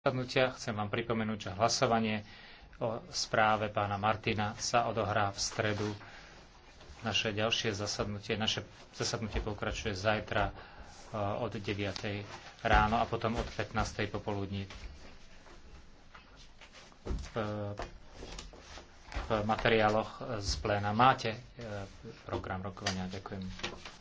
zasadnutia chcem vám pripomenúť, že hlasovanie o správe pána Martina sa odohrá v stredu. Naše ďalšie zasadnutie, naše zasadnutie pokračuje zajtra eh, od 9. ráno a potom od 15. popoludní. V, eh, v materiáloch z pléna máte eh, program rokovania. Ďakujem.